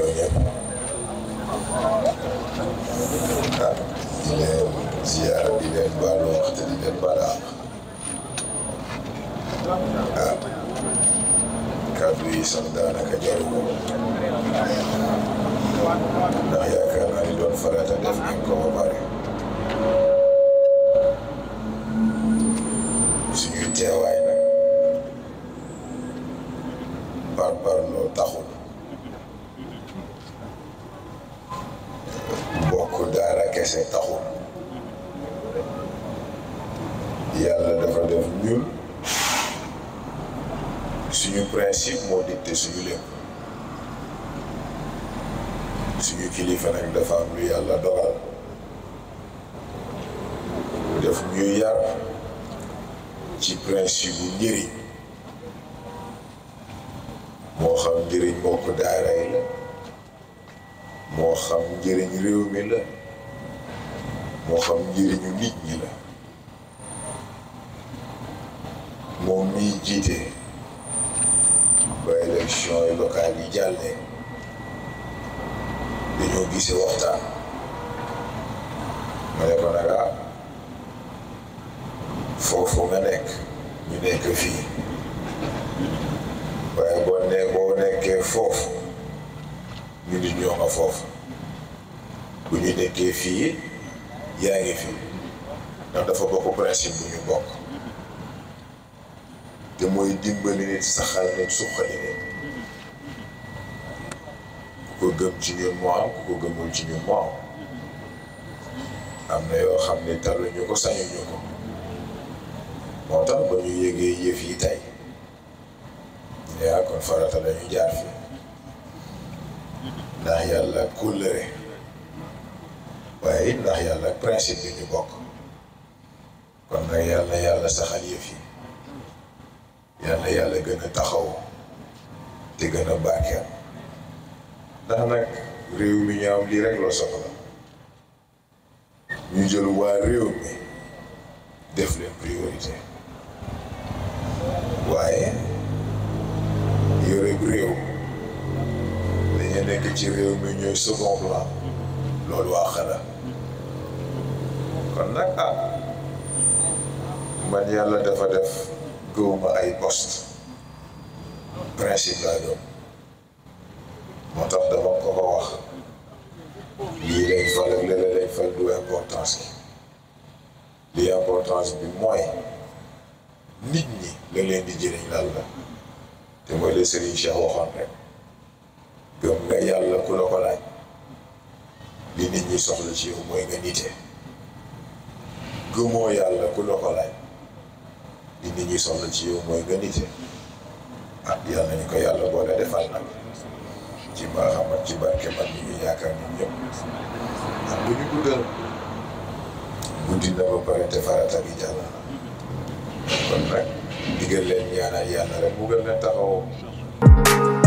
teew ñëpp ah di leen ziar di leen baal wax te di leen baal àq ah kàddu yi farata def nañ ko ba pare suñuy teewaay kese taxul yàlla dafa def ñun suñu principe moo dicté suñu lépp suñu kilifa nag dafa am lu yàlla dogal def ñuy yar ci principe bu njëriñ moo xam njëriñ mbokk daara yi moo xam njëriñ réew mi la moo xam njëriñu nit ñi la moom miy jiite ba élection yi locale yi jàllee dañoo gise waxtaan ma ne ko nag ah, foofu nga nekk ñu nekk fii waaye boo ne boo nekkee foofu ñu nit ñoo nga foofu bu ñu nekkee fii yaa ngi fi ndax dafa bokk principe bu ñu bokk te mooy dimbali nit saxal nit suqali nit ku ko gëm ci ñun moo ku ko gëmul ci ñun moo am na yoo xam ne taluñu ko sañuñu ko moo tax ba ñu yëgee yëf yi tey yaa kon farata lañu jaar fi ndax yàlla kóllëre waaye ndax yàlla principe bi ñu bokk kon nag yàlla yàlla saxal yëf yi yàlla yàlla gën a taxaw te gën a baaxee ndax nag réew mi ñu am lii rek la soxla ñu jël waa réew mi def leen priorité waaye yore réew dañu nekk ci réew mi ñooy second plan. loolu àq la kon nag ah man yàlla dafa def gëwuma ay poste principe laa moo tax dama ko ko wax lii lay fal ak lële fal du importance ki importance bi mooy nit ñi la leen di jëriñ lan la te mooy le Serigne Cheikh waxoon rek gëm nga yàlla ku la ko laaj li nit ñi soxla ci yow mooy nga nite gëmoo yàlla ku la ko laaj nit ñi soxla ci yow mooy nga nite ah yàlla ñu ko yàlla boole defal nag ci baaxam ak ci barke man ñu ngi yaakaar ñun ñëpp ak ah, bu ñu guddal guddi na ba pare te farata gi jàll na kon nag digal leen ñaanal yàlla rek mu gën leen taxawoo